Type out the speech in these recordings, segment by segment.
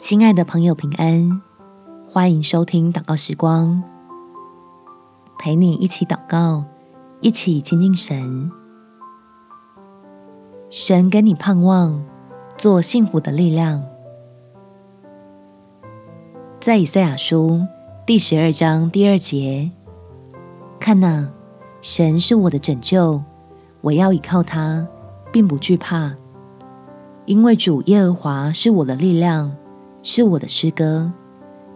親愛的朋友，平安！歡迎收聽禱告時光，陪你一起禱告，一起親近神。神給你盼望，做幸福的力量。在以賽亞書第十二章第二節，看哪，啊，神是我的拯救，我要依靠他，並不懼怕，因為主耶和華是我的力量。是我的詩歌，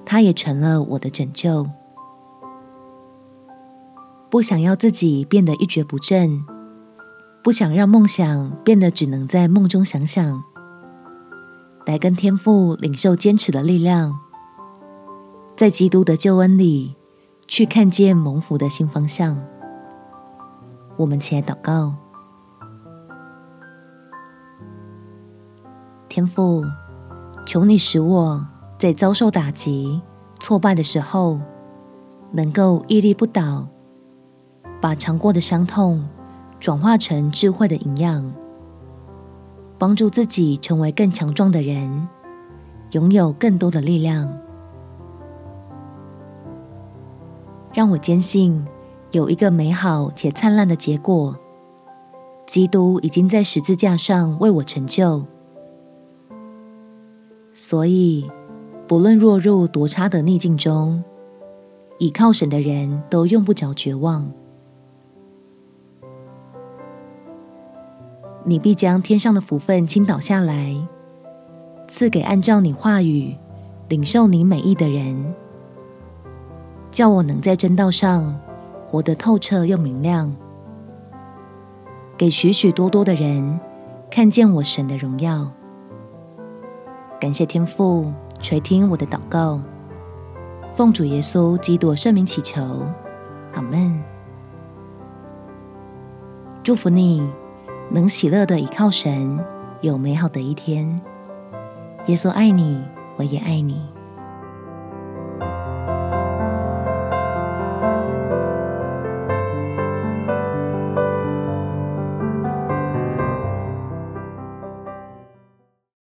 它也成了我的拯救。不想要自己變得一蹶不振，不想讓夢想變得只能在夢中想想，來跟天父領受堅持的力量，在基督的救恩裡去看見蒙福的新方向。我們起來禱告，天父。求你使我在遭受打擊、挫敗的時候，能夠屹立不倒，把嘗過的傷痛轉化成智慧的營養，幫助自己成為更強壯的人，擁有更多的力量。讓我堅信有一個美好且燦爛的結果，基督已經在十字架上為我成就。所以，不論落入多差的逆境中，倚靠神的人都用不着絕望。你必將天上的福分傾倒下來，賜給按照你話語、領受你美意的人。叫我能在真道上活得透徹又明亮，給許許多多的人看見我神的榮耀。感謝天父垂聽我的禱告，奉主耶穌基督聖名祈求，阿門。祝福你能喜樂的倚靠神，有美好的一天。耶穌愛你，我也愛你。